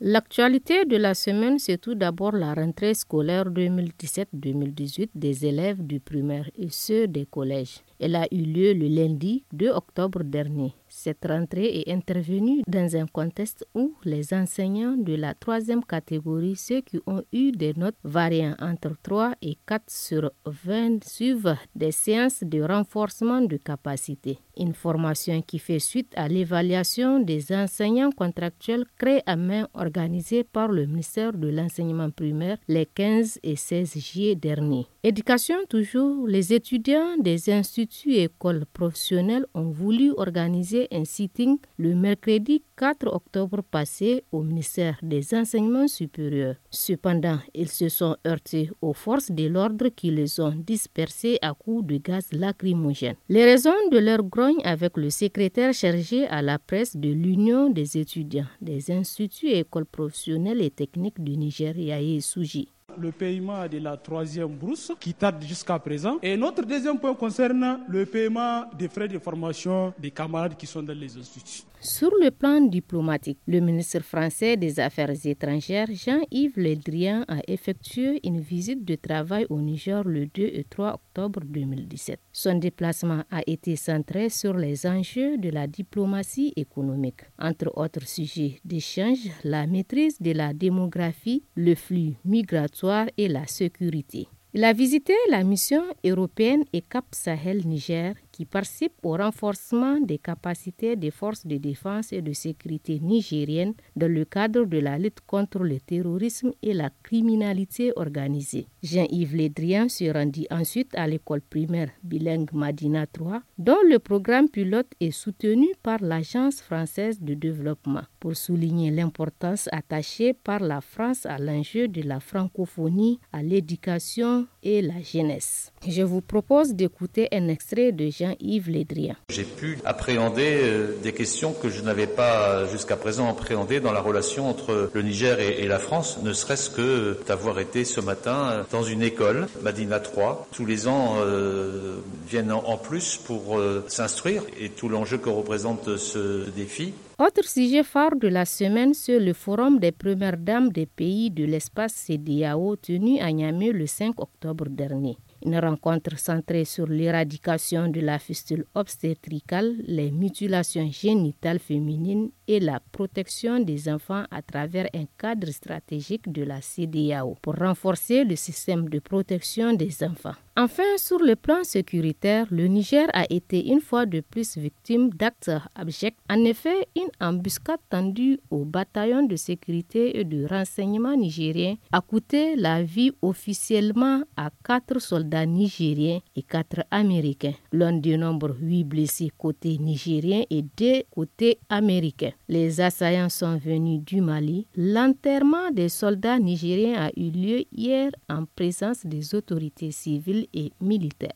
L'actualité de la semaine, c'est tout d'abord la rentrée scolaire 2017-2018 des élèves du primaire et ceux des collèges. Elle a eu lieu le lundi 2 octobre dernier. Cette rentrée est intervenue dans un contexte où les enseignants de la troisième catégorie, ceux qui ont eu des notes variant entre 3 et 4 sur 20, suivent des séances de renforcement de capacité. Une formation qui fait suite à l'évaluation des enseignants contractuels créés à main organisée par le ministère de l'enseignement primaire les 15 et 16 juillet dernier. Éducation toujours, les étudiants des instituts et écoles professionnelles ont voulu organiser un sitting le mercredi 4 octobre passé au ministère des Enseignements supérieurs. Cependant, ils se sont heurtés aux forces de l'ordre qui les ont dispersés à coups de gaz lacrymogène. Les raisons de leur grogne avec le secrétaire chargé à la presse de l'Union des étudiants des instituts et écoles professionnelles et techniques du Nigeria et Souji le paiement de la troisième brousse qui tarde jusqu'à présent. Et notre deuxième point concerne le paiement des frais de formation des camarades qui sont dans les instituts. Sur le plan diplomatique, le ministre français des Affaires étrangères Jean-Yves Le Drian a effectué une visite de travail au Niger le 2 et 3 octobre 2017. Son déplacement a été centré sur les enjeux de la diplomatie économique, entre autres sujets d'échange, la maîtrise de la démographie, le flux migratoire et la sécurité. Il a visité la mission européenne et Cap Sahel Niger qui participe au renforcement des capacités des forces de défense et de sécurité nigériennes dans le cadre de la lutte contre le terrorisme et la criminalité organisée. Jean-Yves Lédrien se rendit ensuite à l'école primaire bilingue Madina 3, dont le programme pilote est soutenu par l'Agence française de développement, pour souligner l'importance attachée par la France à l'enjeu de la francophonie, à l'éducation et la jeunesse. Je vous propose d'écouter un extrait de Jean Yves Lédrien. J'ai pu appréhender euh, des questions que je n'avais pas euh, jusqu'à présent appréhendées dans la relation entre le Niger et, la France, ne serait-ce que euh, d'avoir été ce matin dans une école, Madina 3. Tous les ans viennent en plus pour s'instruire et tout l'enjeu que représente ce défi. Autre sujet phare de la semaine sur le forum des premières dames des pays de l'espace CDAO tenu à Niamey le 5 octobre dernier. Une rencontre centrée sur l'éradication de la fistule obstétricale, les mutilations génitales féminines et la protection des enfants à travers un cadre stratégique de la CDAO pour renforcer le système de protection des enfants. Enfin, sur le plan sécuritaire, le Niger a été une fois de plus victime d'actes abjects. En effet, une embuscade tendue au bataillon de sécurité et de renseignement nigérien a coûté la vie officiellement à quatre soldats nigériens et quatre américains. L'un du nombre huit blessés côté nigérien et deux côté américain. Les assaillants sont venus du Mali. L'enterrement des soldats nigériens a eu lieu hier en présence des autorités civiles et militaire.